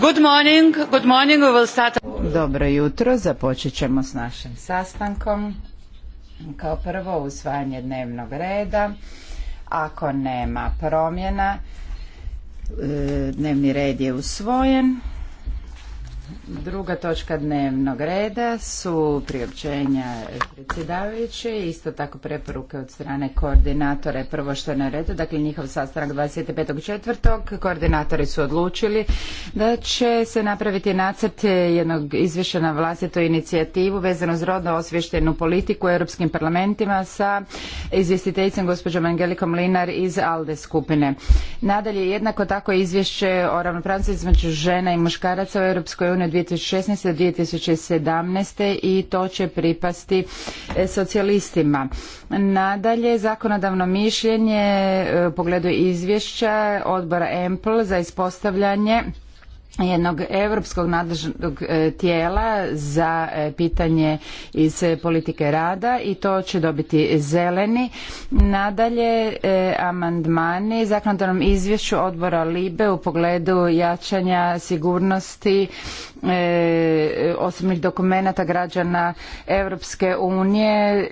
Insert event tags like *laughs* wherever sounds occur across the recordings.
Good Dobro jutro, započet ćemo s našim sastankom. Kao prvo usvajanje dnevnog reda. Ako nema promjena, e, dnevni red je usvojen. Druga točka dnevnog reda su priopćenja predsjedavajuće, isto tako preporuke od strane koordinatora prvo što je na redu, dakle njihov sastanak 25.4. koordinatori su odlučili da će se napraviti nacrt jednog izvješća na vlastitu inicijativu vezano s rodno osvještenu politiku u europskim parlamentima sa izvjestiteljicom gospođom Angelikom Linar iz ALDE skupine. Nadalje jednako tako izvješće o ravnopravnosti između žena i muškaraca u Europskoj razdoblju 2016. 2017. i to će pripasti e, socijalistima. Nadalje, zakonodavno mišljenje e, u pogledu izvješća odbora EMPL za ispostavljanje jednog europskog nadležnog e, tijela za e, pitanje iz e, politike rada i to će dobiti zeleni. Nadalje, amandmani zakonodavnom izvješću odbora LIBE u pogledu jačanja sigurnosti osobnih dokumenata građana Europske unije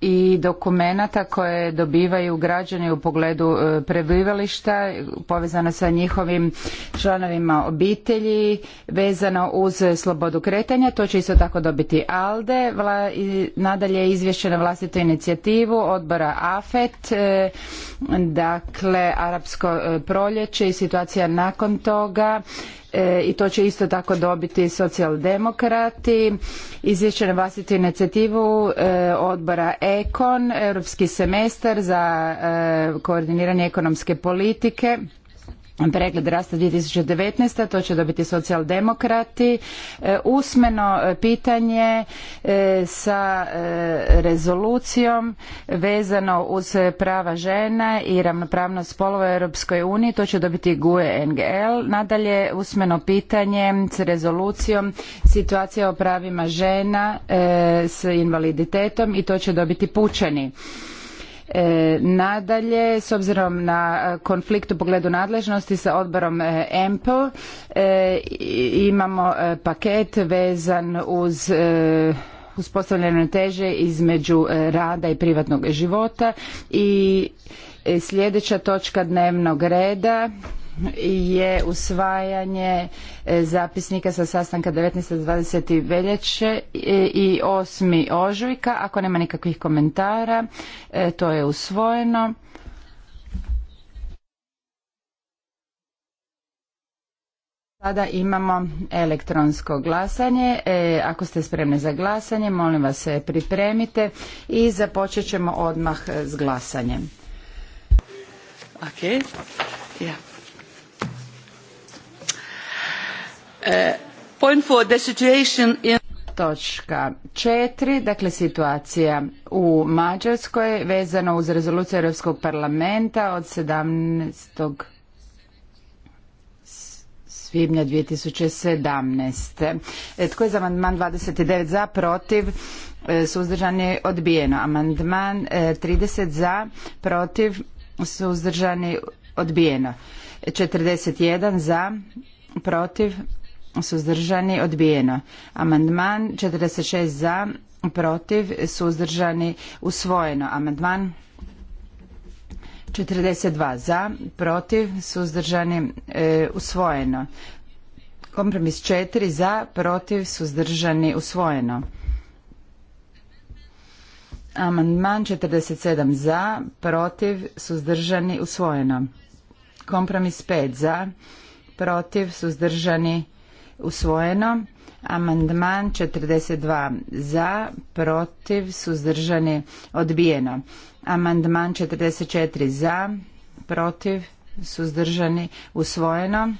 i dokumenata koje dobivaju građani u pogledu e, prebivališta povezano sa njihovim članovima obitelji vezano uz slobodu kretanja to će isto tako dobiti ALDE nadalje izvješće na vlastitu inicijativu odbora AFET e, dakle arapsko e, proljeće i situacija nakon toga E, i to će isto tako dobiti socijaldemokrati. Izvješće na vlastitu inicijativu e, odbora EKON, Europski semestar za e, koordiniranje ekonomske politike pregled rasta 2019. To će dobiti socijaldemokrati. E, usmeno e, pitanje e, sa rezolucijom vezano uz prava žena i ravnopravnost spolova u Europskoj uniji. To će dobiti GUE NGL. Nadalje, usmeno pitanje s rezolucijom situacija o pravima žena s invaliditetom i to će dobiti pučani. E, nadalje, s obzirom na e, konflikt u pogledu nadležnosti sa odborom EMPO, e, imamo paket vezan uz uspostavljanje teže između rada i privatnog života i sljedeća točka dnevnog reda je usvajanje e, zapisnika sa sastanka 19. 20. veljače e, i 8. ožujka. Ako nema nikakvih komentara, e, to je usvojeno. Sada imamo elektronsko glasanje. ako ste spremni za glasanje, molim vas se pripremite i započet ćemo odmah s glasanjem. Okay. Yeah. Uh, Točka četiri, dakle situacija u Mađarskoj vezano uz rezoluciju Europskog parlamenta od 17. svibnja 2017. E, tko je za amandman 29 e, e, za, protiv, suzdržan je odbijeno. Amandman 30 za, protiv, suzdržan je odbijeno. 41 za, protiv, suzdržani, odbijeno. Amandman 46 za, protiv, suzdržani, usvojeno. Amandman 42 e, za, protiv, suzdržani, usvojeno. Kompromis 4 za, protiv, suzdržani, usvojeno. Amandman 47 za, protiv, suzdržani, usvojeno. Kompromis 5 za, protiv, suzdržani, usvojeno usvojeno. Amandman 42 za, protiv, suzdržani, odbijeno. Amandman 44 za, protiv, suzdržani, usvojeno.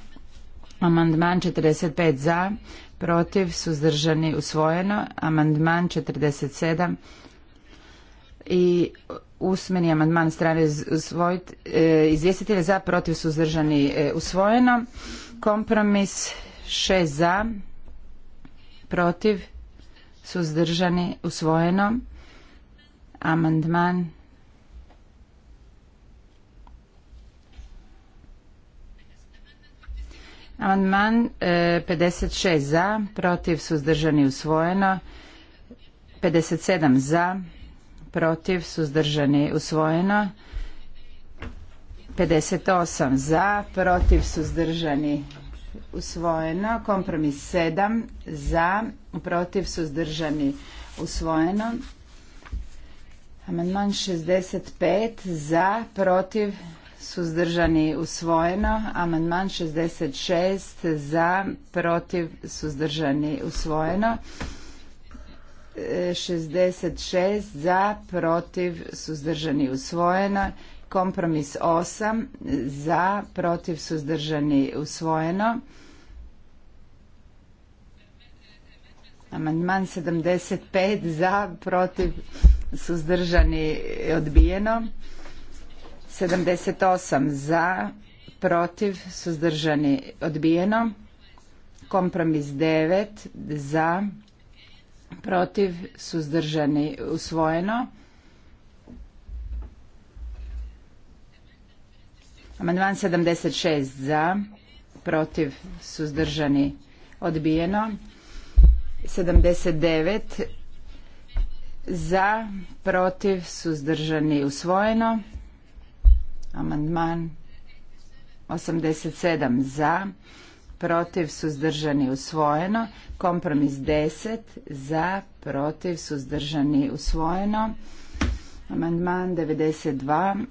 Amandman 45 za, protiv, suzdržani, usvojeno. Amandman 47 i usmeni amandman strane e, izvjestitelja za, protiv, suzdržani, e, usvojeno. Kompromis 6 za, protiv, suzdržani, usvojeno. Amandman Amandman 56 e, za, protiv, suzdržani, usvojeno. 57 za, protiv, suzdržani, usvojeno. 58 za, protiv, suzdržani, usvojeno. Kompromis 7 za, protiv, suzdržani, usvojeno. Amandman 65 za, protiv, suzdržani, usvojeno. Amandman 66 za, protiv, suzdržani, usvojeno. 66 e, za, protiv, suzdržani, usvojeno. Kompromis 8 za, protiv, suzdržani, usvojeno. Amandman 75 za, protiv, suzdržani, odbijeno. 78 za, protiv, suzdržani, odbijeno. Kompromis 9 za, protiv, suzdržani, usvojeno. Amandman 76 za, protiv, suzdržani, odbijeno. 79 za, protiv, suzdržani, usvojeno. Amandman 87 za, protiv, suzdržani, usvojeno. Kompromis 10 za, protiv, suzdržani, usvojeno. Amandman 92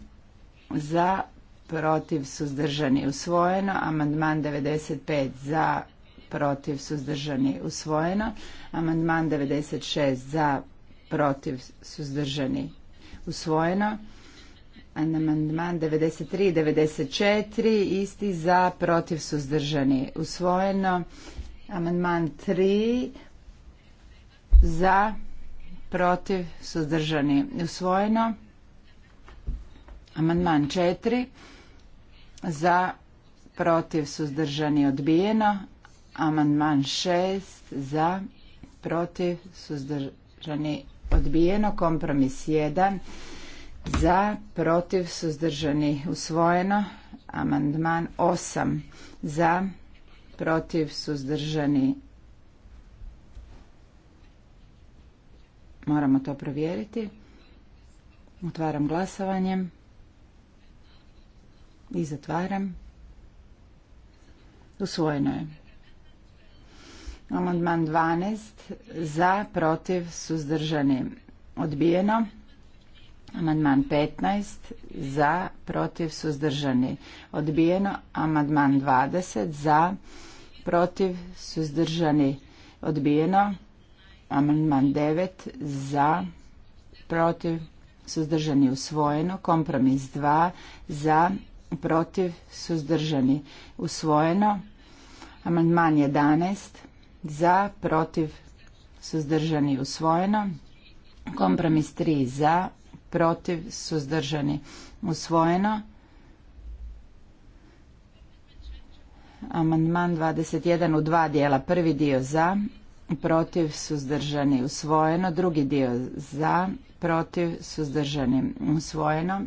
za, protiv suzdržani usvojeno, amandman 95 za protiv suzdržani usvojeno, amandman 96 za protiv suzdržani usvojeno, amandman 93 i 94 isti za protiv suzdržani usvojeno, amandman 3 za protiv suzdržani usvojeno, amandman 4 za, protiv, suzdržani, odbijeno. Amandman 6 za, protiv, suzdržani, odbijeno. Kompromis 1 za, protiv, suzdržani, usvojeno. Amandman 8 za, protiv, suzdržani, moramo to provjeriti. Otvaram glasovanjem i zatvaram. Usvojeno je. Amandman 12. Za, protiv, suzdržani. Odbijeno. Amandman 15. Za, protiv, suzdržani. Odbijeno. Amandman 20. Za, protiv, suzdržani. Odbijeno. Amandman 9. Za, protiv, suzdržani. Usvojeno. Kompromis 2. Za, protiv, suzdržani, usvojeno. Amandman 11, za, protiv, suzdržani, usvojeno. Kompromis 3, za, protiv, suzdržani, usvojeno. Amandman 21 u dva dijela. Prvi dio za, protiv, suzdržani, usvojeno. Drugi dio za, protiv, suzdržani, usvojeno.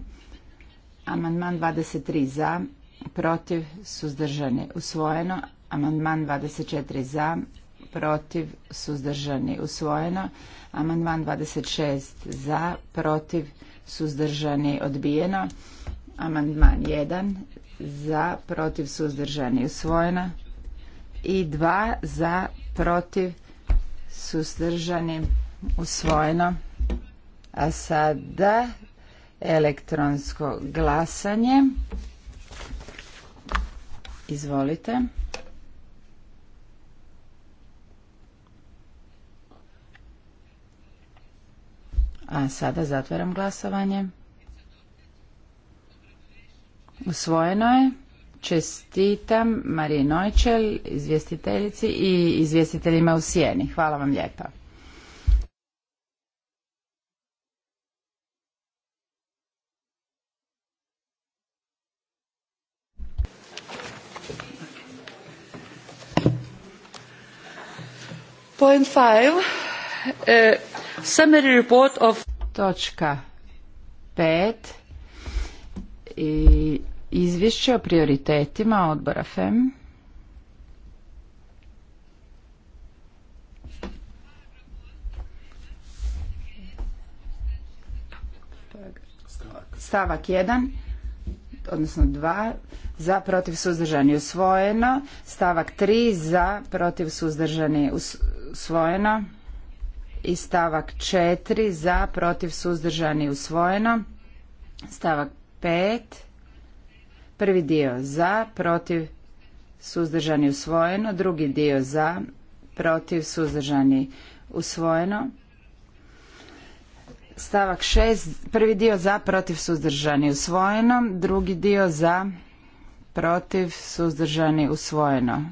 Amandman 23 za, protiv, suzdržani, usvojeno. Amandman 24 za, protiv, suzdržani, usvojeno. Amandman 26 za, protiv, suzdržani, odbijeno. Amandman 1 za, protiv, suzdržani, usvojeno. I 2 za, protiv, suzdržani, usvojeno. A sada elektronsko glasanje. Izvolite. A sada zatvaram glasovanje. Usvojeno je. Čestitam Marije Nojčel, izvjestiteljici i izvjestiteljima u Sijeni. Hvala vam lijepa. Point five, uh, summary report of... Točka pet i izvješće o prioritetima odbora FEM. Stavak 1 odnosno dva za protiv suzdržani usvojeno, stavak tri za protiv suzdržani usvojeno i stavak četiri za protiv suzdržani usvojeno, stavak pet, prvi dio za protiv suzdržani usvojeno, drugi dio za protiv suzdržani usvojeno, stavak 6, prvi dio za, protiv, suzdržani, usvojeno, drugi dio za, protiv, suzdržani, usvojeno.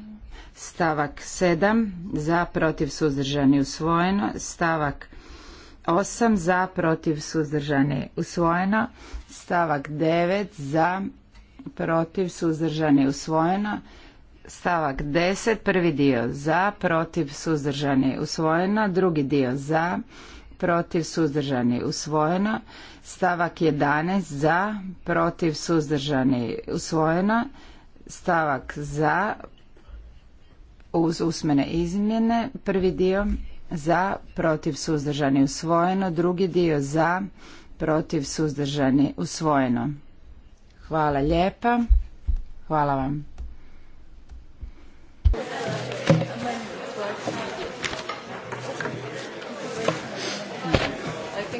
Stavak 7, za, protiv, suzdržani, usvojeno, stavak 8, za, protiv, suzdržani, usvojeno, stavak 9, za, protiv, suzdržani, usvojeno, stavak 10, prvi dio za, protiv, suzdržani, usvojeno, drugi dio za, protiv suzdržani usvojeno stavak 11 za protiv suzdržani usvojeno stavak za uz usmene izmjene prvi dio za protiv suzdržani usvojeno drugi dio za protiv suzdržani usvojeno hvala lijepa hvala vam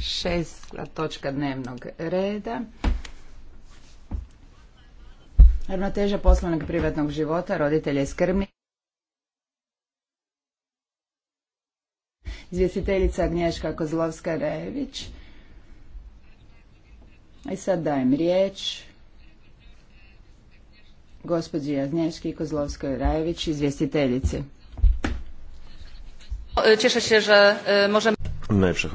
Šest točka dnevnog reda. Ravnoteža poslovnog i privatnog života, roditelja i Izvjestiteljica Agnješka Kozlovska-Rejević. I sad dajem riječ gospođi Agnješki Kozlovskoj-Rajević, izvjestiteljice. E, cieszę się, że e, możemy... Najlepsze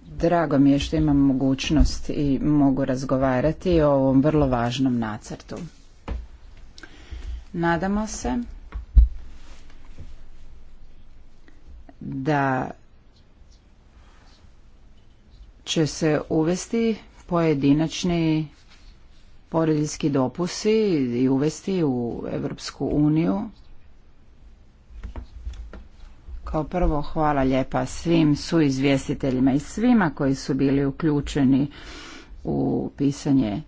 Drago mi je što imam mogućnost i mogu razgovarati o ovom vrlo važnom nacrtu. Nadamo se da će se uvesti pojedinačni porodiljski dopusi i uvesti u Evropsku uniju kao prvo hvala lijepa svim suizvjestiteljima i svima koji su bili uključeni u pisanje.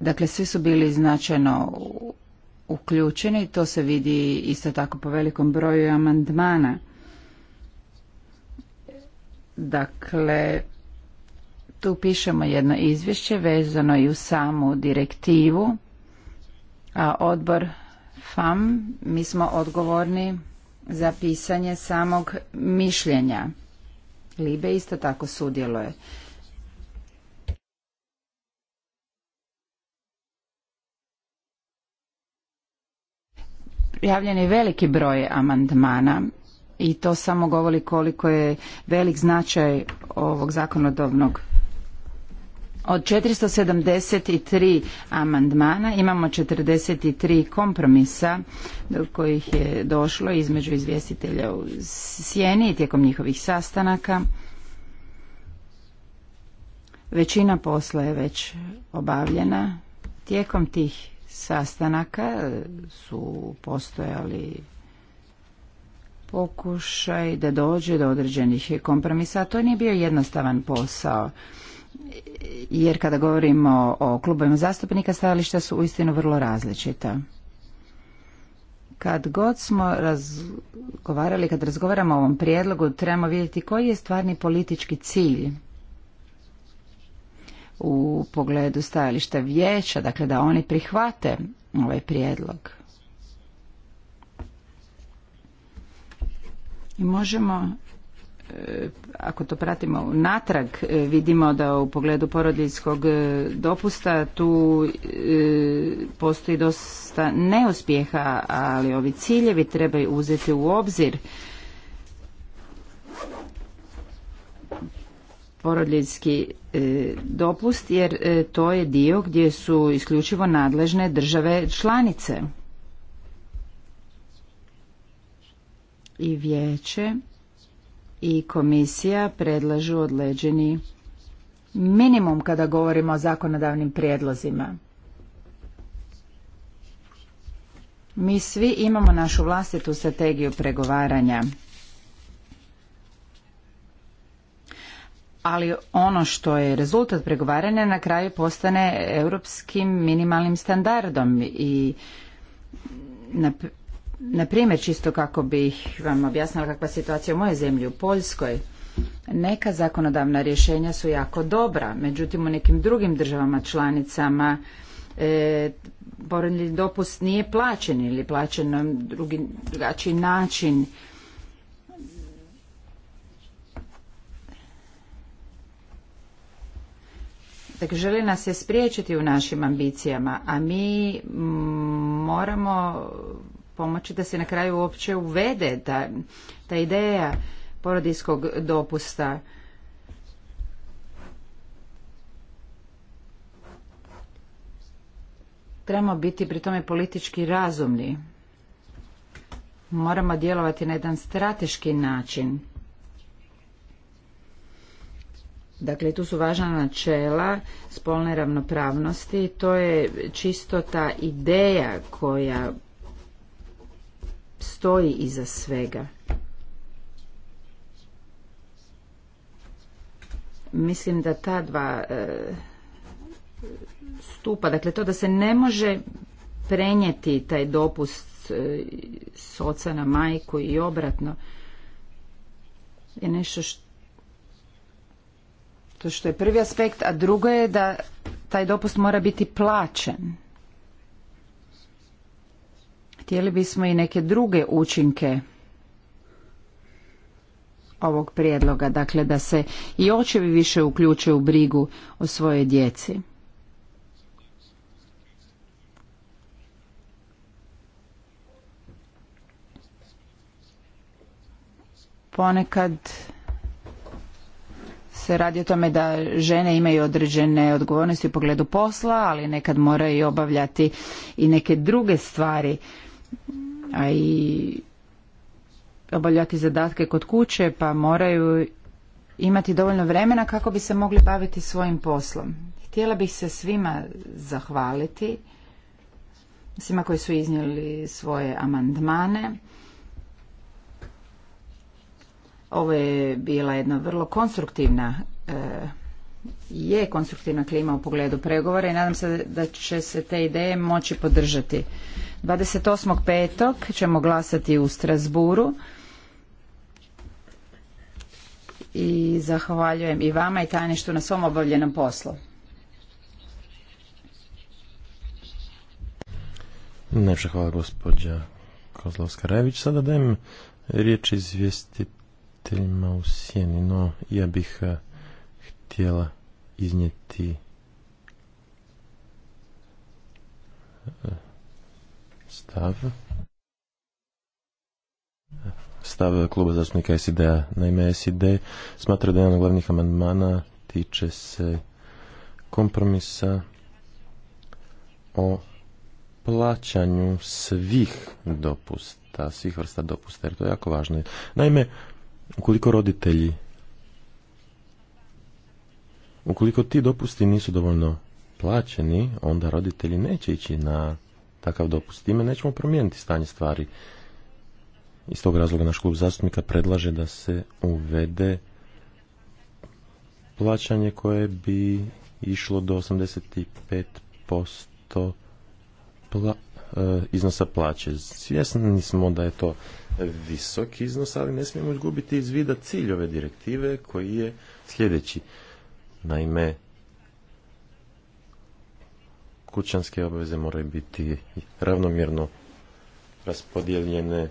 Dakle, svi su bili značajno uključeni, to se vidi isto tako po velikom broju amandmana. Dakle, tu pišemo jedno izvješće vezano i u samu direktivu, a odbor FAM, mi smo odgovorni za pisanje samog mišljenja. Libe isto tako sudjeluje. Prijavljen je veliki broj amandmana i to samo govori koliko je velik značaj ovog zakonodavnog od 473 amandmana imamo 43 kompromisa do kojih je došlo između izvjestitelja u sjeni i tijekom njihovih sastanaka. Većina posla je već obavljena. Tijekom tih sastanaka su postojali pokušaj da dođe do određenih kompromisa, to nije bio jednostavan posao jer kada govorimo o klubovima zastupnika stajališta su uistinu vrlo različita. Kad god smo razgovarali, kad razgovaramo o ovom prijedlogu, trebamo vidjeti koji je stvarni politički cilj u pogledu stajališta vijeća, dakle da oni prihvate ovaj prijedlog. I možemo E, ako to pratimo natrag e, vidimo da u pogledu porodiljskog e, dopusta tu postoji dosta neuspjeha, ali ovi ciljevi trebaju uzeti u obzir. porodiljski dopust jer to je dio gdje su isključivo nadležne države članice i vijeće i komisija predlažu odleđeni minimum kada govorimo o zakonodavnim prijedlozima. Mi svi imamo našu vlastitu strategiju pregovaranja. ali ono što je rezultat pregovaranja na kraju postane europskim minimalnim standardom i na primjer, čisto kako bih vam objasnila kakva je situacija u mojoj zemlji, u Poljskoj, neka zakonodavna rješenja su jako dobra, međutim u nekim drugim državama članicama e, dopust nije plaćen ili plaćen na drugi, drugačiji način. Dakle, želi nas se spriječiti u našim ambicijama, a mi moramo pomoći da se na kraju uopće uvede ta, ta ideja porodijskog dopusta. Trebamo biti pri tome politički razumni. Moramo djelovati na jedan strateški način. Dakle, tu su važna načela spolne ravnopravnosti. To je čisto ta ideja koja stoji iza svega. Mislim da ta dva e, stupa, dakle to da se ne može prenijeti taj dopust e, s oca na majku i obratno je nešto što to što je prvi aspekt, a drugo je da taj dopust mora biti plaćen. Htjeli bismo i neke druge učinke ovog prijedloga, dakle da se i očevi više uključe u brigu o svojoj djeci. Ponekad se radi o tome da žene imaju određene odgovornosti u pogledu posla, ali nekad moraju obavljati i neke druge stvari a i obavljati zadatke kod kuće pa moraju imati dovoljno vremena kako bi se mogli baviti svojim poslom. Htjela bih se svima zahvaliti, svima koji su iznijeli svoje amandmane. Ovo je bila jedna vrlo konstruktivna e, je konstruktivna klima u pogledu pregovora i nadam se da će se te ideje moći podržati petog ćemo glasati u Strasburu i zahvaljujem i vama i tajništu na svom obavljenom poslu. Najpša hvala gospođa Kozlovska-Rajević. Sada dajem riječ izvjestiteljima u sjeni, no ja bih eh, htjela iznijeti eh, stav stav kluba zastupnika SID-a. Naime, SID smatra da jedan od glavnih amandmana tiče se kompromisa o plaćanju svih dopusta, svih vrsta dopusta, jer to je jako važno. Naime, ukoliko roditelji ukoliko ti dopusti nisu dovoljno plaćeni, onda roditelji neće ići na takav dopust. Time nećemo promijeniti stanje stvari. Iz tog razloga naš klub zastupnika predlaže da se uvede plaćanje koje bi išlo do 85% pla, e, iznosa plaće. Svjesni smo da je to visok iznos, ali ne smijemo izgubiti iz vida cilj ove direktive koji je sljedeći. Naime, kućanske obveze moraju biti ravnomjerno raspodijeljene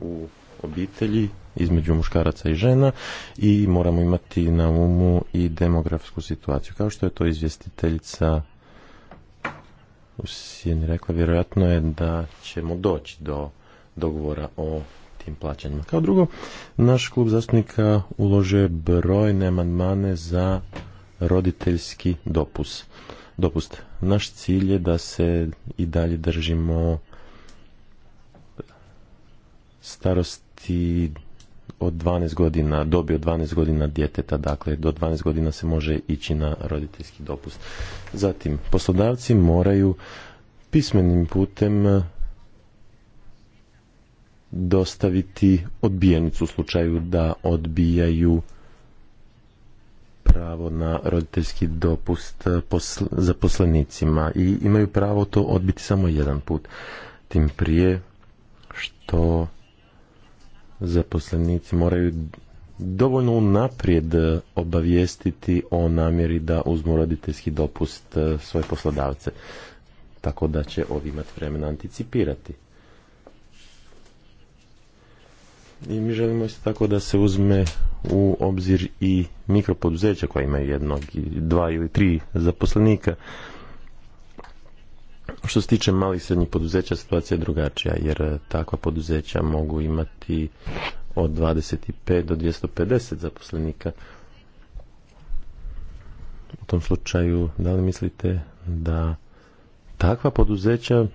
u obitelji između muškaraca i žena i moramo imati na umu i demografsku situaciju. Kao što je to izvjestiteljica u Sijeni rekla, vjerojatno je da ćemo doći do dogovora o tim plaćanjima. Kao drugo, naš klub zastupnika ulože brojne amandmane za roditeljski dopust. dopust. Naš cilj je da se i dalje držimo starosti od 12 godina, dobi od 12 godina djeteta, dakle do 12 godina se može ići na roditeljski dopust. Zatim, poslodavci moraju pismenim putem dostaviti odbijenicu u slučaju da odbijaju pravo na roditeljski dopust eh, zaposlenicima i imaju pravo to odbiti samo jedan put. Tim prije što zaposlenici moraju dovoljno unaprijed eh, obavijestiti o namjeri da uzmu roditeljski dopust eh, svoje poslodavce, tako da će ovi imati vremena anticipirati. I mi želimo isto tako da se uzme u obzir i mikropoduzeća koja imaju jednog, dva ili tri zaposlenika. Što se tiče malih i srednjih poduzeća, situacija je drugačija, jer eh, takva poduzeća mogu imati od 25 do 250 zaposlenika. U tom slučaju, da li mislite da takva poduzeća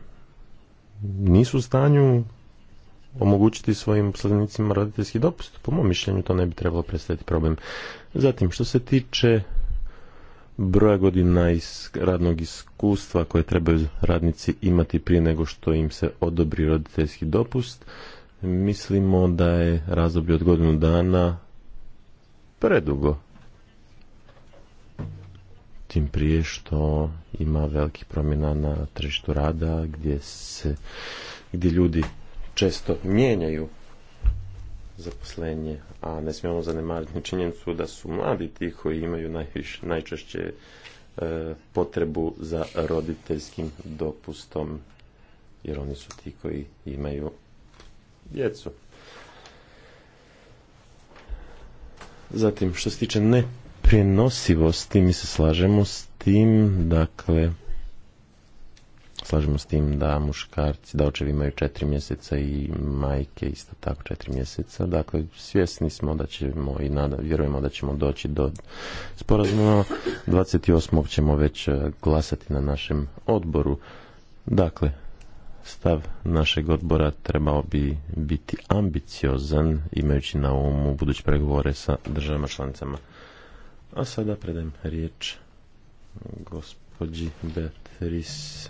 nisu u stanju omogućiti svojim sladnicima roditeljski dopust. Po mom mišljenju to ne bi trebalo predstaviti problem. Zatim, što se tiče broja godina iz radnog iskustva koje trebaju radnici imati prije nego što im se odobri roditeljski dopust, mislimo da je razdoblje od godinu dana predugo. Tim prije što ima velikih promjena na tržištu rada gdje se gdje ljudi često mijenjaju zaposlenje, a ne smijemo zanemariti činjenicu da su mladi ti koji imaju najviš, najčešće e, potrebu za roditeljskim dopustom, jer oni su ti koji imaju djecu. Zatim, što se tiče neprenosivosti, mi se slažemo s tim, dakle, slažemo s tim da muškarci, da očevi imaju četiri mjeseca i majke isto tako četiri mjeseca. Dakle, svjesni smo da ćemo i nada, vjerujemo da ćemo doći do sporazuma. 28. ćemo već e, glasati na našem odboru. Dakle, stav našeg odbora trebao bi biti ambiciozan imajući na umu buduće pregovore sa državama članicama. A sada predajem riječ gospodinu gospođi Beatriz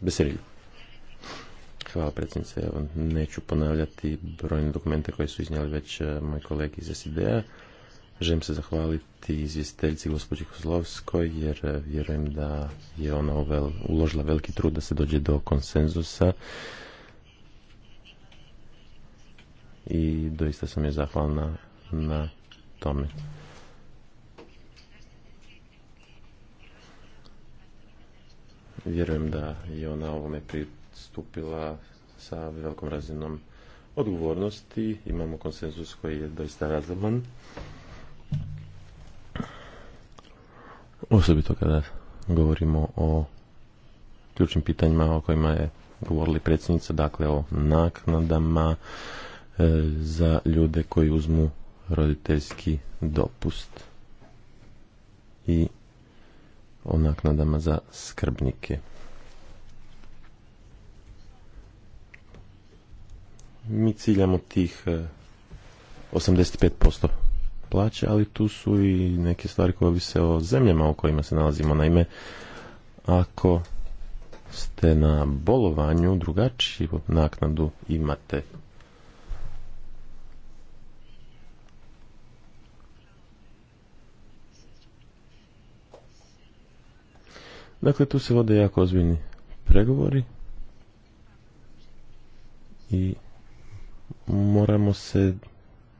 Besera, Hvala predsjednice, neću ponavljati brojne dokumente koje su iznijeli već e, moji kolegi iz SID-a. Želim se zahvaliti izvjestiteljici gospođi Kozlovskoj jer e, vjerujem da je ona uložila veliki trud da se dođe do konsenzusa i doista sam je zahvalna na tome. Vjerujem da je ona ovome pristupila sa velikom razinom odgovornosti. Imamo konsenzus koji je doista razoban. Osobito kada govorimo o ključnim pitanjima o kojima je govorili predsjednica, dakle o naknadama e, za ljude koji uzmu roditeljski dopust. I o naknadama za skrbnike. Mi ciljamo tih 85% e, plaće, ali tu su i neke stvari koje ovise o zemljama u kojima se nalazimo. Naime, ako ste na bolovanju drugačiju naknadu imate Dakle, tu se vode jako ozbiljni pregovori i moramo se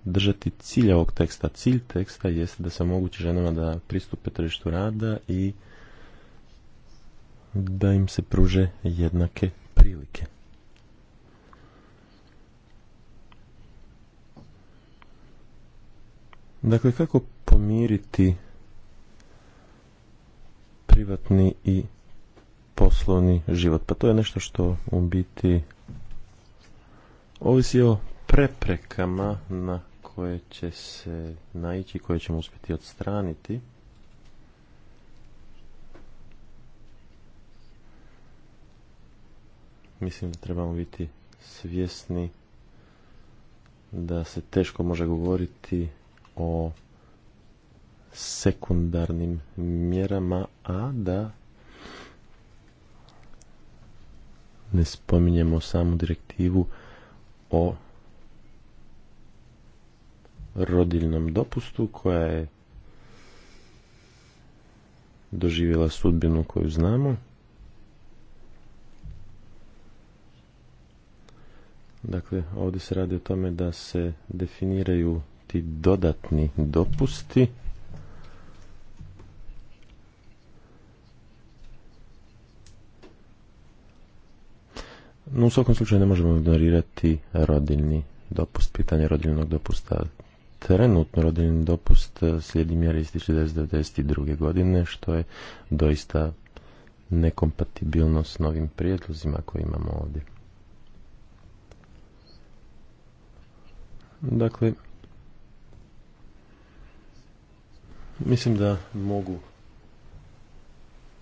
držati cilja ovog teksta. Cilj teksta jeste da se omogući ženama da pristupe tržištu rada i da im se pruže jednake prilike. Dakle, kako pomiriti privatni i poslovni život. Pa to je nešto što u biti ovisi o preprekama na koje će se naići, koje ćemo uspjeti odstraniti. Mislim da trebamo biti svjesni da se teško može govoriti o sekundarnim mjerama, a da ne spominjemo samu direktivu o rodiljnom dopustu koja je doživjela sudbinu koju znamo. Dakle, ovdje se radi o tome da se definiraju ti dodatni dopusti No u svakom slučaju ne možemo ignorirati rodiljni dopust, pitanje rodiljnog dopusta. Trenutno rodiljni dopust slijedi mjere iz 1992. godine, što je doista nekompatibilno s novim prijedlozima koje imamo ovdje. Dakle, mislim da mogu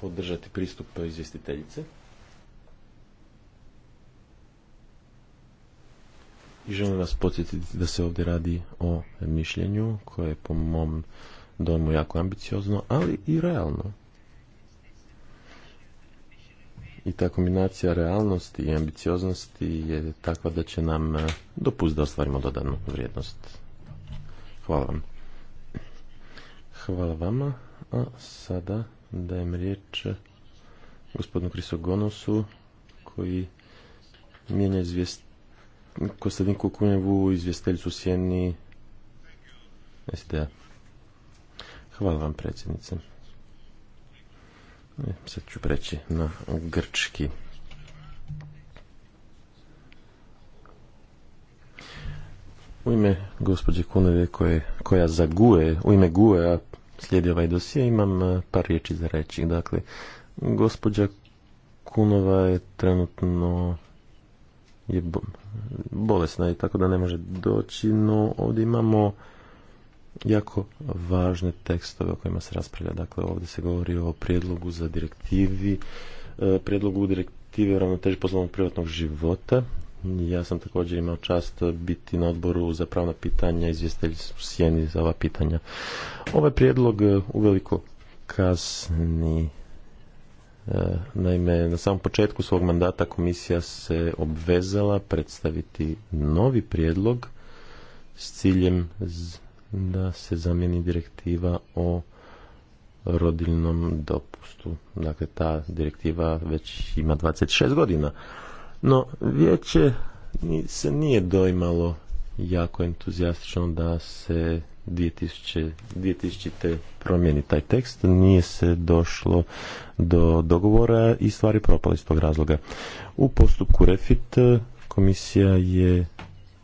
podržati pristup izvjestiteljice. i želim vas podsjetiti da se ovdje radi o mišljenju koje je po mom domu jako ambiciozno, ali i realno. I ta kombinacija realnosti i ambicioznosti je takva da će nam eh, dopustiti da ostvarimo dodanu vrijednost. Hvala vam. Hvala vama. A sada dajem riječ eh, gospodinu Krisogonosu koji mijenja izvijest Kostadinku Kunjevu, izvjesteljicu Sjeni SDA. Hvala vam, predsjednice. E, sad ću preći na grčki. U ime gospođe Kuneve koja za u ime GUE, a slijedi ovaj dosije, imam e, par riječi za reći. Dakle, gospođa Kunova je trenutno je bolesna i tako da ne može doći, no ovdje imamo jako važne tekstove o kojima se raspravlja. Dakle, ovdje se govori o prijedlogu za direktivi, e, prijedlogu direktive o ravnoteži poslovnog privatnog života. Ja sam također imao čast biti na odboru za pravna pitanja, izvjestelji su sjeni za ova pitanja. Ovaj prijedlog e, uveliko kasni E, naime, na samom početku svog mandata komisija se obvezala predstaviti novi prijedlog s ciljem da se zamijeni direktiva o rodiljnom dopustu. Dakle, ta direktiva već ima 26 godina. No, vijeće se nije doimalo jako entuzijastično da se 2000. tisuće promijeni taj tekst, nije se došlo do dogovora i stvari propale iz tog razloga. U postupku Refit e, komisija je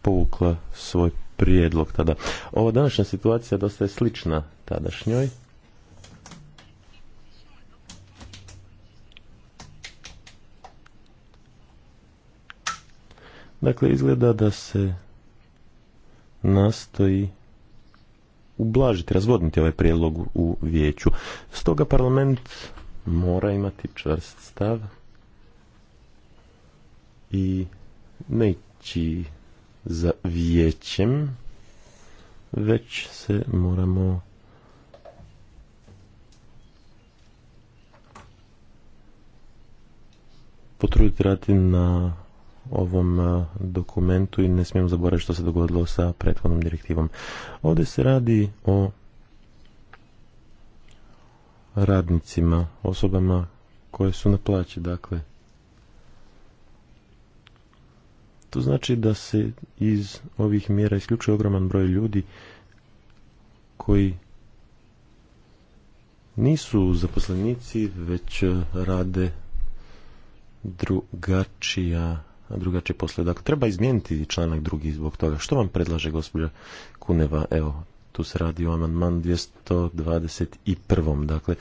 povukla svoj prijedlog tada. Ova današnja situacija dosta je slična tadašnjoj. Dakle, izgleda da se nastoji ublažiti, razvodniti ovaj prijedlog u vijeću. Stoga parlament mora imati čvrst stav i neći za vijećem, već se moramo potruditi raditi na ovom dokumentu i ne smijemo zaboraviti što se dogodilo sa prethodnom direktivom. Ovdje se radi o radnicima, osobama koje su na plaći, dakle. To znači da se iz ovih mjera isključuje ogroman broj ljudi koji nisu zaposlenici, već rade drugačija drugačije posle. Dakle, treba izmijeniti članak drugi zbog toga. Što vam predlaže gospođa Kuneva? Evo, tu se radi o amandman 221. Dakle,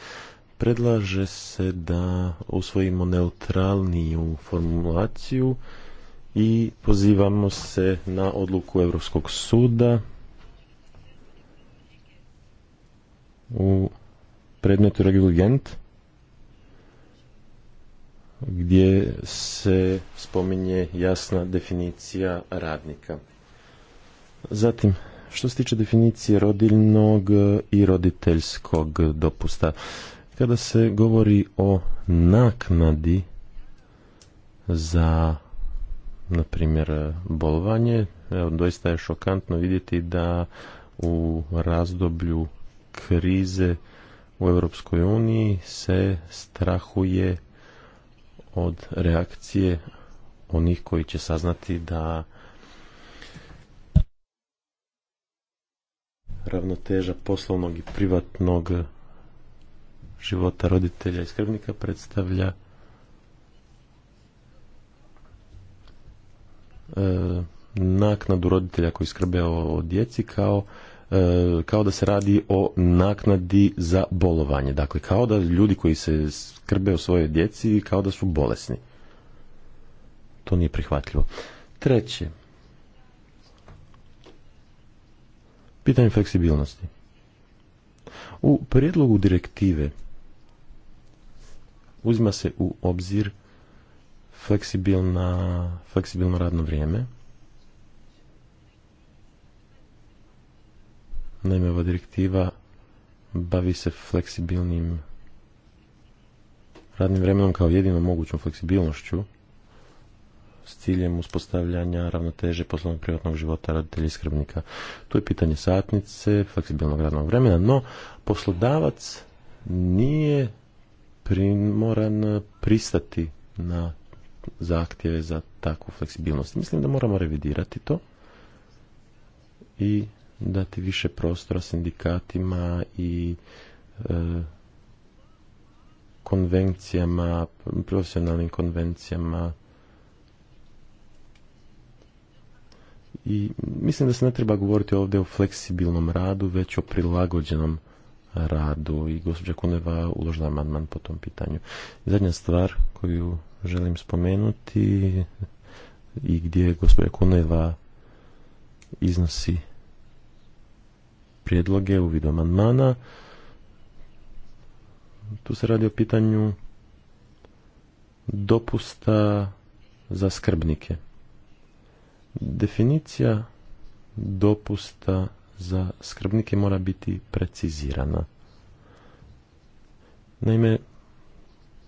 predlaže se da usvojimo neutralniju formulaciju i pozivamo se na odluku Europskog suda u predmetu Regilgent gdje se spominje jasna definicija radnika. Zatim, što se tiče definicije rodilnog i roditeljskog dopusta, kada se govori o naknadi za, na primjer, bolovanje, evo, doista je šokantno vidjeti da u razdoblju krize u Europskoj uniji se strahuje od reakcije onih koji će saznati da ravnoteža poslovnog i privatnog života roditelja i skrbnika predstavlja e, naknadu roditelja koji skrbe o djeci kao E, kao da se radi o naknadi za bolovanje. Dakle, kao da ljudi koji se skrbe o svojoj djeci kao da su bolesni. To nije prihvatljivo. Treće. Pitanje fleksibilnosti. U prijedlogu direktive uzima se u obzir fleksibilno radno vrijeme, Naime, ova direktiva bavi se fleksibilnim radnim vremenom kao jedinom mogućom fleksibilnošću s ciljem uspostavljanja ravnoteže poslovnog privatnog života raditelja i skrbnika. To je pitanje satnice, fleksibilnog radnog vremena, no poslodavac nije primoran pristati na zahtjeve za takvu fleksibilnost. Mislim da moramo revidirati to i dati više prostora sindikatima i e, konvencijama, profesionalnim konvencijama. I mislim da se ne treba govoriti ovdje o fleksibilnom radu, već o prilagođenom radu i gospođa Kuneva uložila amandman po tom pitanju. Zadnja stvar koju želim spomenuti i gdje gospođa Kuneva iznosi prijedloge u vidu amandmana. Tu se radi o pitanju dopusta za skrbnike. Definicija dopusta za skrbnike mora biti precizirana. Naime,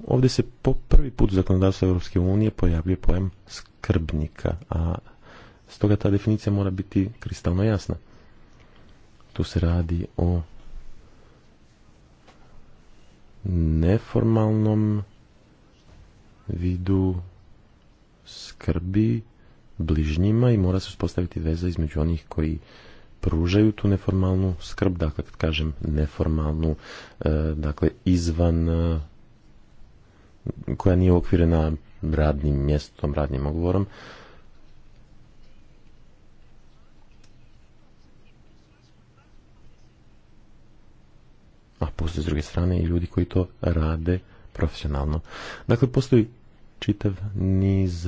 ovdje se po prvi put u zakonodavstvu Europske unije pojavljuje pojam skrbnika, a stoga ta definicija mora biti kristalno jasna. Tu se radi o neformalnom vidu skrbi bližnjima i mora se uspostaviti veza između onih koji pružaju tu neformalnu skrb, dakle kad kažem neformalnu, e, dakle izvan e, koja nije okvirena radnim mjestom, radnim ugovorom, a postoji s druge strane i ljudi koji to rade profesionalno. Dakle, postoji čitav niz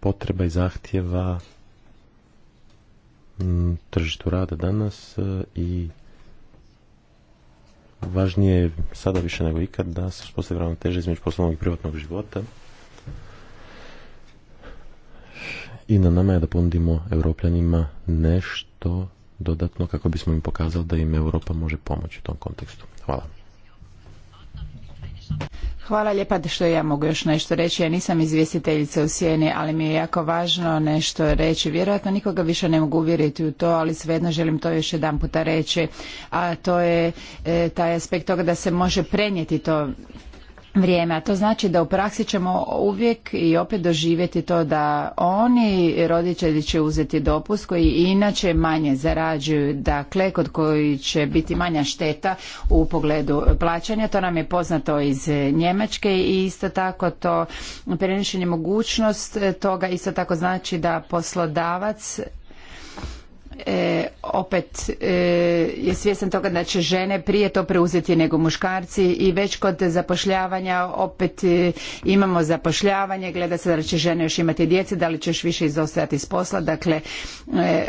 potreba i zahtjeva mm, tržištu rada danas e, i važnije je sada više nego ikad da se uspostavi teže između poslovnog i privatnog života i na nama je da ponudimo europljanima nešto dodatno kako bismo im pokazali da im Europa može pomoći u tom kontekstu. Hvala. Hvala lijepa što ja mogu još nešto reći. Ja nisam izvjestiteljica u sjeni, ali mi je jako važno nešto reći. Vjerojatno nikoga više ne mogu uvjeriti u to, ali svejedno želim to još jedan puta reći. A to je e, taj aspekt toga da se može prenijeti to vrijeme, a to znači da u praksi ćemo uvijek i opet doživjeti to da oni roditelji će uzeti dopust koji inače manje zarađuju, dakle kod koji će biti manja šteta u pogledu plaćanja, to nam je poznato iz Njemačke i isto tako to prenošenje mogućnost toga isto tako znači da poslodavac E, opet e, je svjestan toga da će žene prije to preuzeti nego muškarci i već kod zapošljavanja opet e, imamo zapošljavanje, gleda se da li će žene još imati djece, da li će još više izostajati iz posla, dakle e,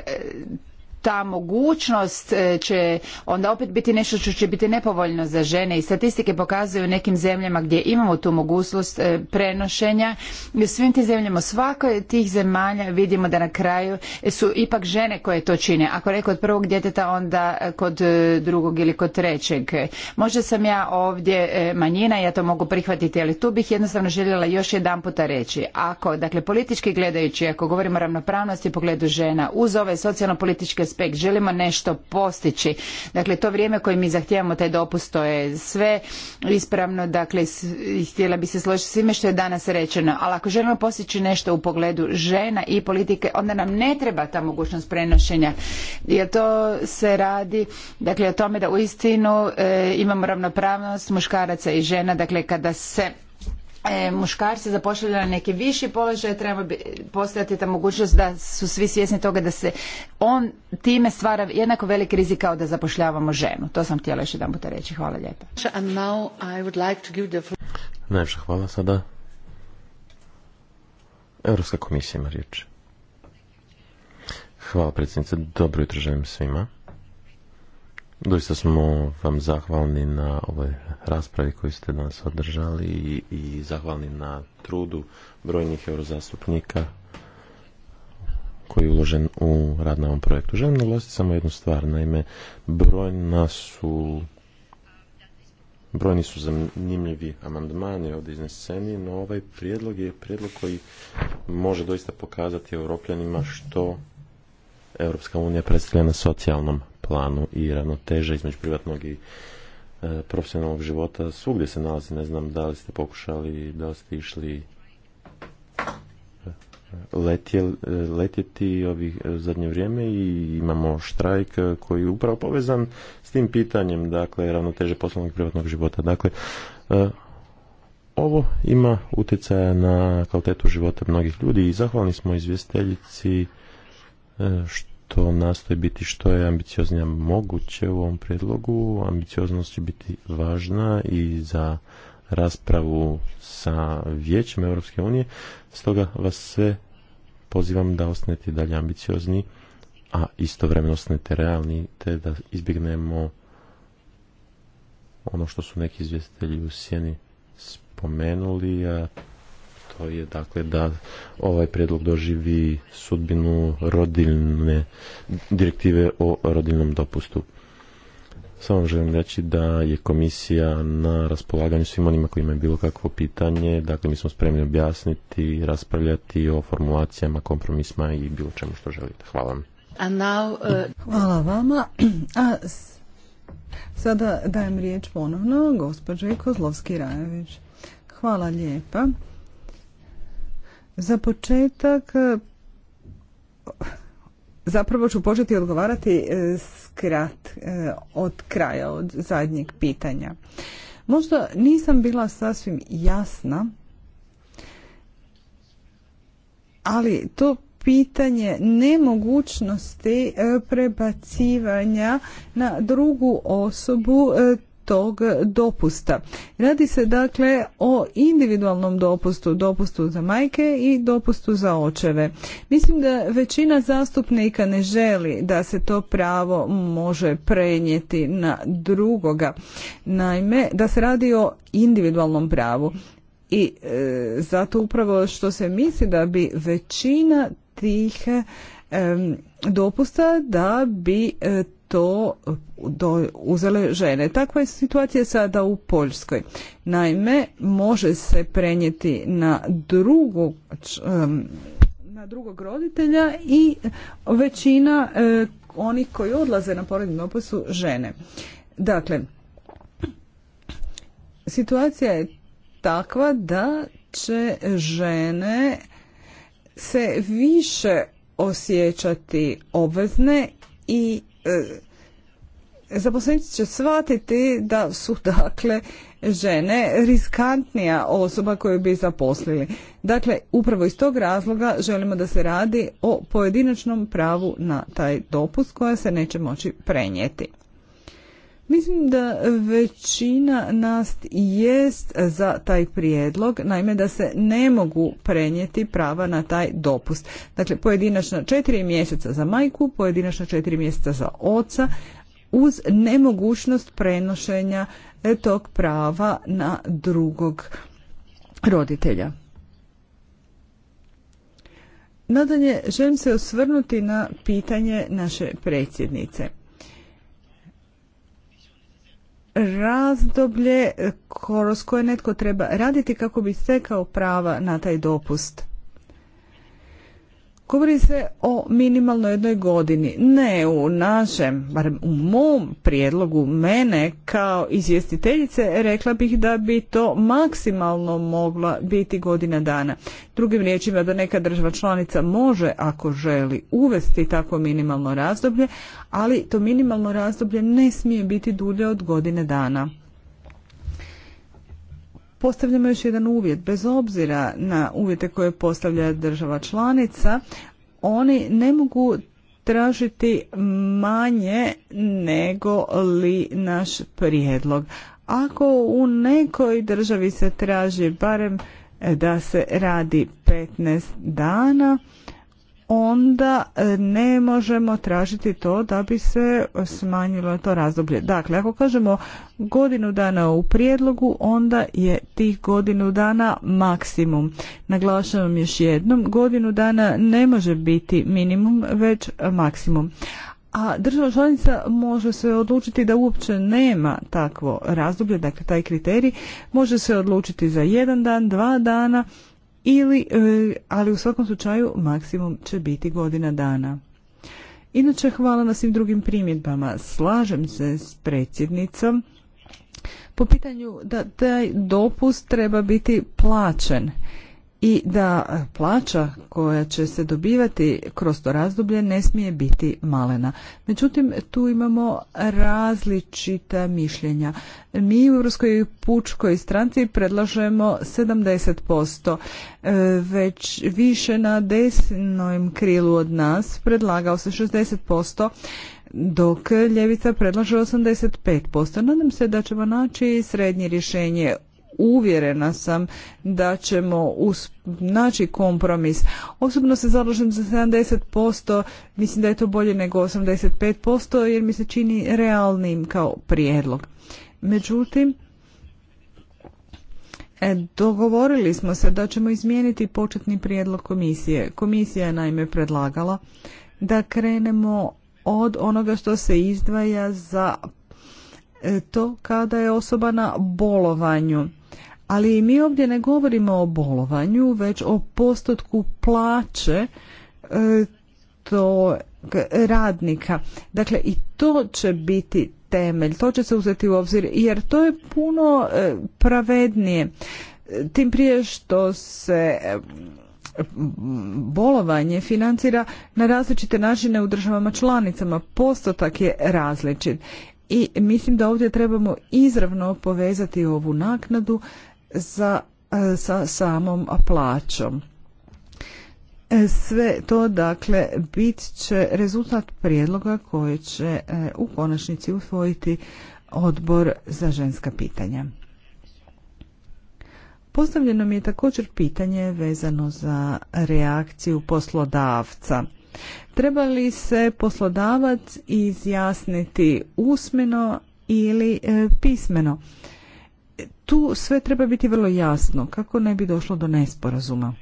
ta mogućnost e, će onda opet biti nešto što će biti nepovoljno za žene i statistike pokazuju u nekim zemljama gdje imamo tu mogućnost e, prenošenja i u svim tim zemljama svakoj tih zemalja vidimo da na kraju su ipak žene koje to čine ako ne kod prvog djeteta onda e, kod drugog ili kod trećeg možda sam ja ovdje manjina ja to mogu prihvatiti ali tu bih jednostavno željela još jedan puta reći ako dakle politički gledajući ako govorimo o ravnopravnosti u pogledu žena uz ove socijalno političke respekt, želimo nešto postići. Dakle, to vrijeme koje mi zahtijevamo, taj dopust, to je sve ispravno, dakle, htjela bi se složiti svime što je danas rečeno, ali ako želimo postići nešto u pogledu žena i politike, onda nam ne treba ta mogućnost prenošenja, jer to se radi, dakle, o tome da u istinu e, imamo ravnopravnost muškaraca i žena, dakle, kada se E, muškarci zapošljaju na neke viši položaje, treba bi postojati ta mogućnost da su svi svjesni toga da se on time stvara jednako velik rizik kao da zapošljavamo ženu. To sam htjela još jedan puta reći. Hvala lijepa. hvala sada. Europska komisija ima riječ. Hvala predsjednice. Dobro jutro želim svima. Doista smo vam zahvalni na ovoj raspravi koju ste danas održali i, i zahvalni na trudu brojnih eurozastupnika koji je uložen u rad na ovom projektu. Želim naglasiti samo jednu stvar, naime, brojna su brojni su zanimljivi amandmani ovdje izneseni, no ovaj prijedlog je prijedlog koji može doista pokazati europljanima što Europska unija predstavlja na socijalnom planu i ravnoteža između privatnog i e, profesionalnog života svugdje se nalazi. Ne znam da li ste pokušali, da li ste išli e, e, letjeti ovih zadnje vrijeme i imamo štrajk koji je upravo povezan s tim pitanjem, dakle, ravnoteže poslovnog i privatnog života. Dakle, ovo ima utjecaja na kvalitetu života mnogih ljudi i zahvalni smo izvjesteljici što to nastoji biti što je ambicioznija moguće u ovom predlogu. Ambicioznost će biti važna i za raspravu sa vijećem Europske unije. Stoga vas sve pozivam da ostanete dalje ambiciozni, a istovremeno ostanete realni, te da izbjegnemo ono što su neki izvjestitelji u sjeni spomenuli, a je dakle da ovaj predlog doživi sudbinu rodiljne direktive o rodiljnom dopustu. Samo želim reći da je komisija na raspolaganju svima onima koji imaju bilo kakvo pitanje. Dakle, mi smo spremni objasniti, raspravljati o formulacijama, kompromisma i bilo čemu što želite. Hvala vam. A uh, Hvala vama. *clears throat* sada dajem riječ ponovno gospođe Kozlovski-Rajević. Hvala lijepa. Za početak e, zapravo ću početi odgovarati e, skrat e, od kraja, od zadnjeg pitanja. Možda nisam bila sasvim jasna, ali to pitanje nemogućnosti prebacivanja na drugu osobu tog dopusta. Radi se dakle o individualnom dopustu, dopustu za majke i dopustu za očeve. Mislim da većina zastupnika ne želi da se to pravo može prenijeti na drugoga. Naime, da se radi o individualnom pravu. I e, zato upravo što se misli da bi većina tih dopusta da bi e, to uzele žene. Takva je situacija sada u Poljskoj. Naime, može se prenijeti na drugog na drugog roditelja i većina e, onih koji odlaze na porodni dopust su žene. Dakle, situacija je takva da će žene se više osjećati obvezne i E, zaposlenici će shvatiti da su *laughs* dakle žene riskantnija osoba koju bi zaposlili. Dakle, upravo iz tog razloga želimo da se radi o pojedinačnom pravu na taj dopust koja se neće moći prenijeti. Mislim da većina nas jest za taj prijedlog, naime da se ne mogu prenijeti prava na taj dopust. Dakle, pojedinačno četiri mjeseca za majku, pojedinačno četiri mjeseca za oca, uz nemogućnost prenošenja e, tog prava na drugog roditelja. Nadalje, želim se osvrnuti na pitanje naše predsjednice razdoblje e, kroz koje netko treba raditi kako bi stekao prava na taj dopust. Govori se o minimalno jednoj godini. Ne u našem, bar u mom prijedlogu mene kao izvjestiteljice rekla bih da bi to maksimalno mogla biti godina dana. Drugim riječima da neka država članica može ako želi uvesti takvo minimalno razdoblje, ali to minimalno razdoblje ne smije biti dulje od godine dana postavljamo još jedan uvjet. Bez obzira na uvjete koje postavlja država članica, oni ne mogu tražiti manje nego li naš prijedlog. Ako u nekoj državi se traži barem da se radi 15 dana, onda e, ne možemo tražiti to da bi se smanjilo to razdoblje. Dakle, ako kažemo godinu dana u prijedlogu, onda je tih godinu dana maksimum. Naglašavam još jednom, godinu dana ne može biti minimum, već maksimum. A država članica može se odlučiti da uopće nema takvo razdoblje, dakle taj kriterij može se odlučiti za jedan dan, dva dana, ili, e, ali u svakom slučaju maksimum će biti godina dana. Inače, hvala na svim drugim primjedbama. Slažem se s predsjednicom po pitanju da taj dopust treba biti plaćen i da plaća koja će se dobivati kroz to razdoblje ne smije biti malena. Međutim, tu imamo različita mišljenja. Mi u Europskoj pučkoj stranci predlažemo 70%. E, već više na desnom krilu od nas predlagao se 60% dok ljevica predlaže 85%. Nadam se da ćemo naći srednje rješenje uvjerena sam da ćemo naći kompromis. Osobno se zalažem za 70%, mislim da je to bolje nego 85% jer mi se čini realnim kao prijedlog. Međutim, e, Dogovorili smo se da ćemo izmijeniti početni prijedlog komisije. Komisija je naime predlagala da krenemo od onoga što se izdvaja za to kada je osoba na bolovanju. Ali mi ovdje ne govorimo o bolovanju, već o postotku plaće e, to radnika. Dakle, i to će biti temelj, to će se uzeti u obzir, jer to je puno e, pravednije. Tim prije što se e, bolovanje financira na različite načine u državama članicama. Postotak je različit i mislim da ovdje trebamo izravno povezati ovu naknadu za, e, sa samom plaćom. E, sve to dakle bit će rezultat prijedloga koje će e, u konačnici usvojiti odbor za ženska pitanja. Postavljeno mi je također pitanje vezano za reakciju poslodavca. Treba li se poslodavac izjasniti usmeno ili e, pismeno? Tu sve treba biti vrlo jasno kako ne bi došlo do nesporazuma.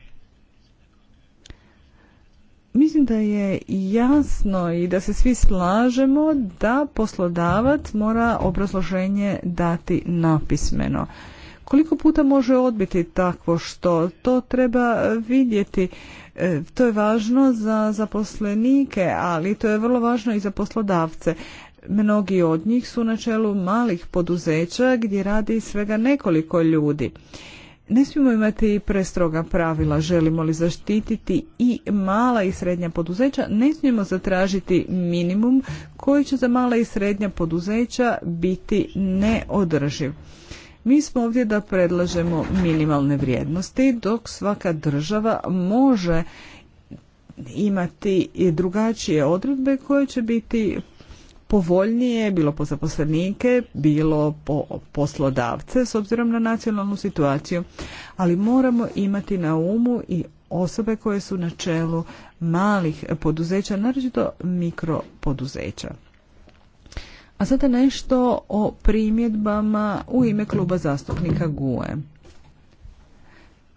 Mislim da je jasno i da se svi slažemo da poslodavac mora obrazloženje dati napismeno. Koliko puta može odbiti takvo što? To treba vidjeti E, to je važno za zaposlenike, ali to je vrlo važno i za poslodavce. Mnogi od njih su na čelu malih poduzeća gdje radi svega nekoliko ljudi. Ne smijemo imati prestroga pravila, želimo li zaštititi i mala i srednja poduzeća, ne smijemo zatražiti minimum koji će za mala i srednja poduzeća biti neodrživ. Mi smo ovdje da predlažemo minimalne vrijednosti dok svaka država može imati drugačije odredbe koje će biti povoljnije bilo po zaposlenike, bilo po poslodavce s obzirom na nacionalnu situaciju. Ali moramo imati na umu i osobe koje su na čelu malih poduzeća, naročito mikropoduzeća. A sada nešto o primjedbama u ime kluba zastupnika GUE.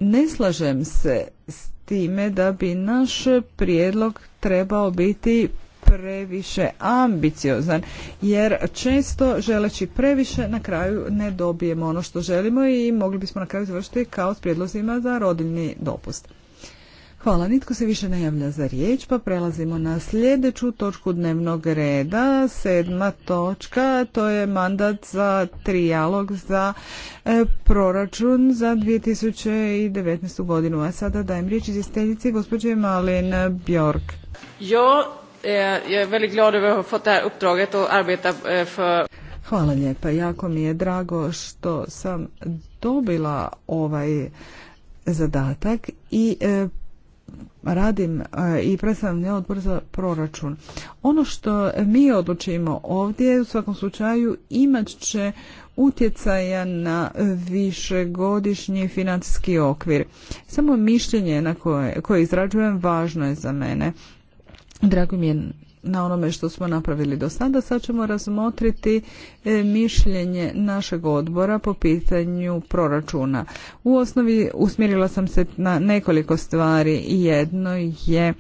Ne slažem se s time da bi naš prijedlog trebao biti previše ambiciozan, jer često želeći previše na kraju ne dobijemo ono što želimo i mogli bismo na kraju završiti kao s prijedlozima za rodiljni dopust. Hvala, nitko se više ne javlja za riječ, pa prelazimo na sljedeću točku dnevnog reda, sedma točka, to je mandat za trijalog za e, proračun za 2019. godinu. A sada dajem riječ izvjestiteljici gospođe Malin Bjork. Jo, eh, jag är väldigt glad över att fått det arbeta e, Hvala lijepa. Jako mi je drago što sam dobila ovaj zadatak i e, radim e, i predstavljam odbor za proračun. Ono što mi odlučimo ovdje u svakom slučaju imat će utjecaja na višegodišnji financijski okvir. Samo mišljenje na koje, koje izrađujem važno je za mene. Drago mi je na onome što smo napravili do sada. Sad ćemo razmotriti e, mišljenje našeg odbora po pitanju proračuna. U osnovi usmjerila sam se na nekoliko stvari. Jedno je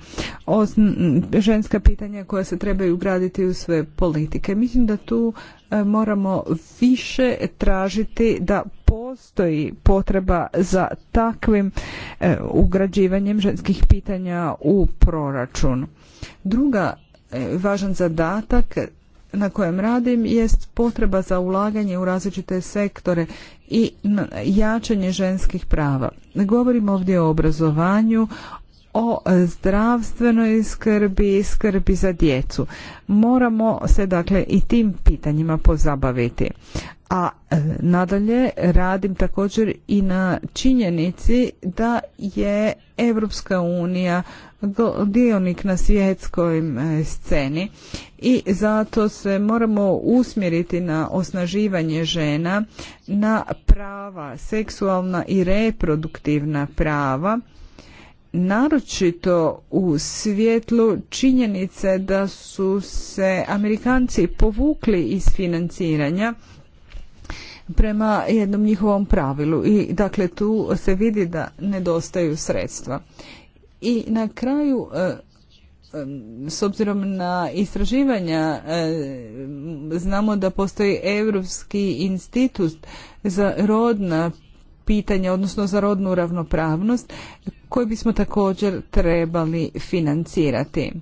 ženska pitanja koja se trebaju ugraditi u sve politike. Mislim da tu e, moramo više tražiti da postoji potreba za takvim e, ugrađivanjem ženskih pitanja u proračun. Druga E, važan zadatak na kojem radim jest potreba za ulaganje u različite sektore i jačanje ženskih prava. Govorimo ovdje o obrazovanju, o zdravstvenoj skrbi, skrbi za djecu. Moramo se dakle i tim pitanjima pozabaviti. A e, nadalje radim također i na činjenici da je Europska unija dionik na svjetskoj e, sceni i zato se moramo usmjeriti na osnaživanje žena, na prava, seksualna i reproduktivna prava, naročito u svjetlu činjenice da su se Amerikanci povukli iz financiranja prema jednom njihovom pravilu i dakle tu se vidi da nedostaju sredstva. I na kraju e, e, s obzirom na istraživanja e, znamo da postoji Europski institut za rodna pitanja, odnosno za rodnu ravnopravnost, koji bismo također trebali financirati.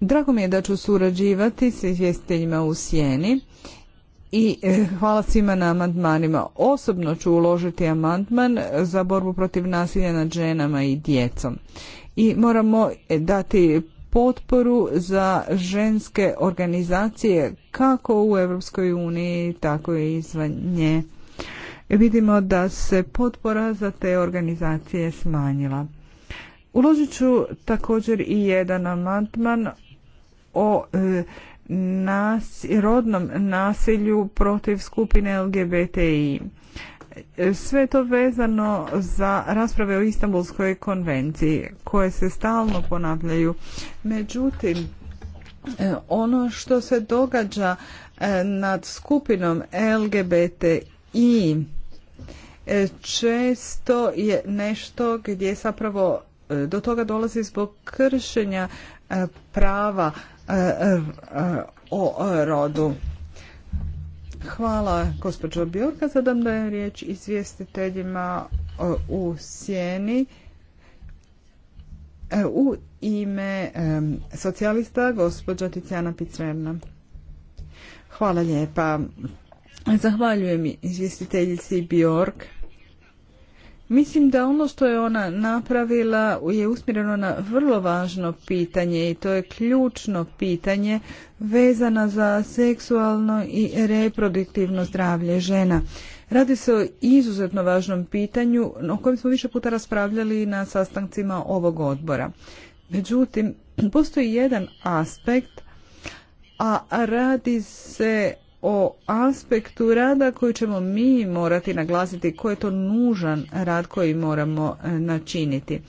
Drago mi je da ću surađivati s izvjestiteljima u Sjeni i e, hvala svima na amandmanima. Osobno ću uložiti amandman za borbu protiv nasilja nad ženama i djecom. I moramo e, dati potporu za ženske organizacije kako u Europskoj uniji, tako i izvan nje. E, vidimo da se potpora za te organizacije smanjila. Uložit ću također i jedan amandman o rodnom nasilju protiv skupine LGBTI. Sve to vezano za rasprave o Istanbulskoj konvenciji koje se stalno ponavljaju. Međutim, ono što se događa e, nad skupinom LGBTI e, često je nešto gdje zapravo e, do toga dolazi zbog kršenja prava o rodu. Hvala gospođo Bjorka. Zadam da je riječ izvjestiteljima u sjeni. E, u ime socijalista gospođa Ticjana Picrerna. Hvala lijepa. Zahvaljujem izvjestiteljici Bjork Mislim da ono što je ona napravila je usmjereno na vrlo važno pitanje i to je ključno pitanje vezano za seksualno i reproduktivno zdravlje žena. Radi se o izuzetno važnom pitanju o kojem smo više puta raspravljali na sastancima ovog odbora. Međutim, postoji jedan aspekt, a radi se o aspektu rada koji ćemo mi morati naglasiti, koji je to nužan rad koji moramo e, načiniti.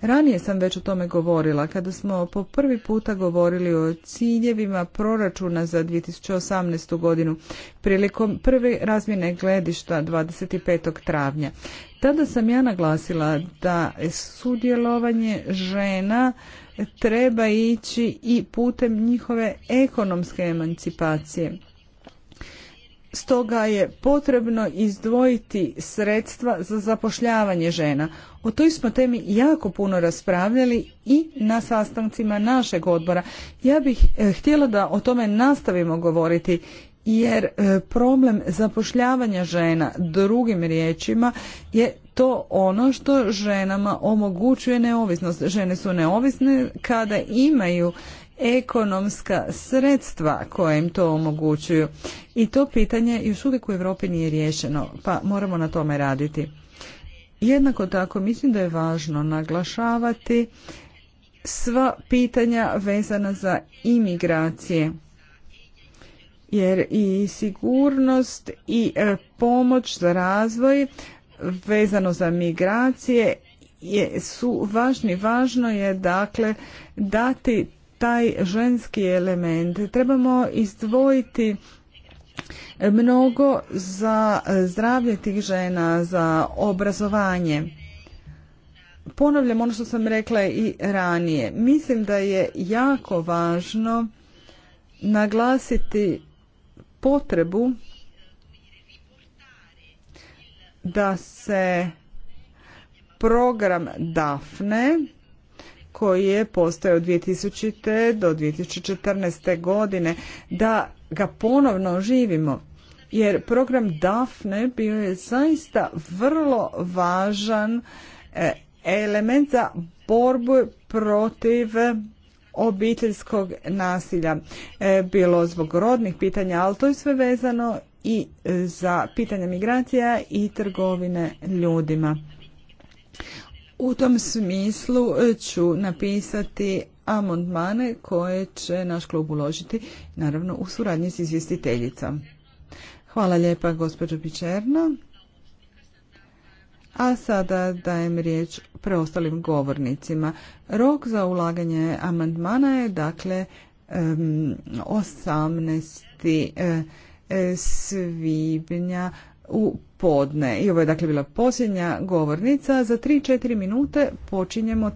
Ranije sam već o tome govorila kada smo po prvi puta govorili o ciljevima proračuna za 2018. godinu prilikom prve razmjene gledišta 25. travnja. Tada sam ja naglasila da sudjelovanje žena treba ići i putem njihove ekonomske emancipacije Stoga je potrebno izdvojiti sredstva za zapošljavanje žena. O toj smo temi jako puno raspravljali i na sastancima našeg odbora. Ja bih e, htjela da o tome nastavimo govoriti jer e, problem zapošljavanja žena drugim riječima je to ono što ženama omogućuje neovisnost. Žene su neovisne kada imaju ekonomska sredstva koja im to omogućuju. I to pitanje još uvijek u Europi nije riješeno, pa moramo na tome raditi. Jednako tako mislim da je važno naglašavati sva pitanja vezana za imigracije jer i sigurnost i e, pomoć za razvoj vezano za migracije je, su važni. Važno je dakle dati taj ženski element. Trebamo izdvojiti mnogo za zdravlje tih žena, za obrazovanje. Ponavljam ono što sam rekla i ranije. Mislim da je jako važno naglasiti potrebu da se program DAFNE koji je postojao od 2000. do 2014. godine, da ga ponovno živimo. Jer program DAFNE bio je zaista vrlo važan e, element za borbu protiv obiteljskog nasilja, e, bilo zbog rodnih pitanja, ali to je sve vezano i za pitanje migracija i trgovine ljudima. U tom smislu e, ću napisati amandmane koje će naš klub uložiti, naravno u suradnji s izvjestiteljicom. Hvala lijepa gospođo Pičerna. A sada dajem riječ preostalim govornicima. Rok za ulaganje amandmana je dakle 18. E, e, svibnja u podne. I ovo je dakle bila posljednja govornica. Za 3-4 minute počinjemo